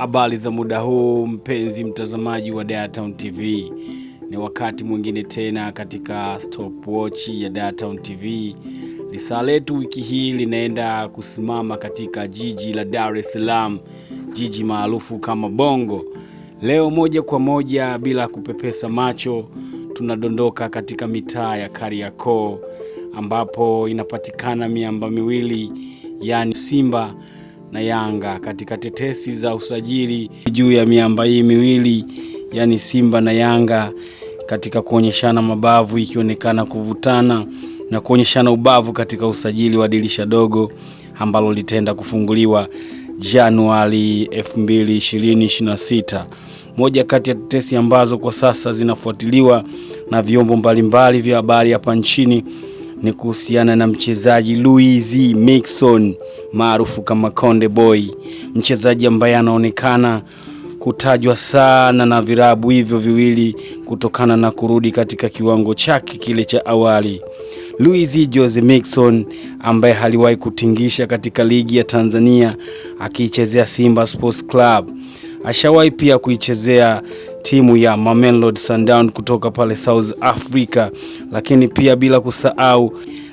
Habari za muda huu, mpenzi mtazamaji wa Daretown TV, ni wakati mwingine tena katika stopwatch ya Daretown TV. Lisaa letu wiki hii linaenda kusimama katika jiji la Dar es Salaam, jiji maarufu kama Bongo. Leo moja kwa moja, bila kupepesa macho, tunadondoka katika mitaa ya Kariakoo ambapo inapatikana miamba miwili, yaani Simba na Yanga katika tetesi za usajili juu ya miamba hii miwili yaani Simba na Yanga katika kuonyeshana mabavu, ikionekana kuvutana na kuonyeshana ubavu katika usajili wa dirisha dogo ambalo litaenda kufunguliwa Januari 2026. Moja kati ya tetesi ambazo kwa sasa zinafuatiliwa na vyombo mbalimbali vya habari hapa nchini ni kuhusiana na mchezaji Luiz Miquissone maarufu kama Konde Boy, mchezaji ambaye anaonekana kutajwa sana na virabu hivyo viwili kutokana na kurudi katika kiwango chake kile cha awali. Luis Jose Mixon ambaye haliwahi kutingisha katika ligi ya Tanzania akiichezea Simba Sports Club, ashawahi pia kuichezea timu ya Mamelodi Sundowns kutoka pale South Africa, lakini pia bila kusahau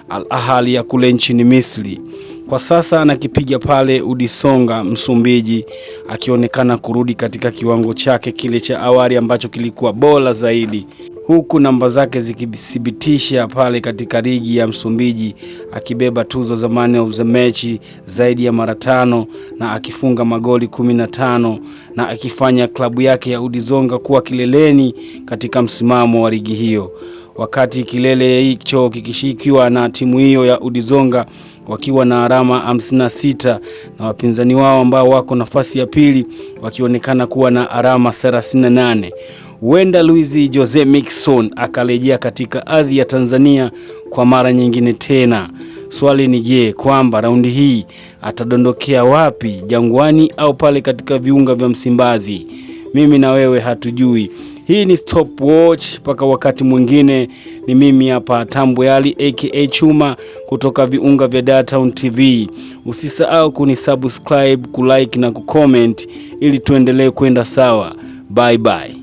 Al Ahly ya kule nchini Misri. Kwa sasa anakipiga pale Udisonga Msumbiji, akionekana kurudi katika kiwango chake kile cha awali ambacho kilikuwa bora zaidi, huku namba zake zikithibitisha pale katika ligi ya Msumbiji, akibeba tuzo za man of the match zaidi ya mara tano na akifunga magoli kumi na tano na akifanya klabu yake ya Udizonga kuwa kileleni katika msimamo wa ligi hiyo wakati kilele hicho kikishikiwa na timu hiyo ya Udizonga wakiwa na alama 56 na wapinzani wao ambao wako nafasi ya pili wakionekana kuwa na alama 38. Huenda Luis Jose Mixon akarejea katika ardhi ya Tanzania kwa mara nyingine tena. Swali ni je, kwamba raundi hii atadondokea wapi? Jangwani au pale katika viunga vya Msimbazi? Mimi na wewe hatujui. Hii ni stopwatch mpaka wakati mwingine. Ni mimi hapa Tambwe Ali aka Chuma kutoka viunga vya Dartown TV. Usisahau kunisubscribe, kulike na kucomment ili tuendelee kwenda sawa. Bye bye.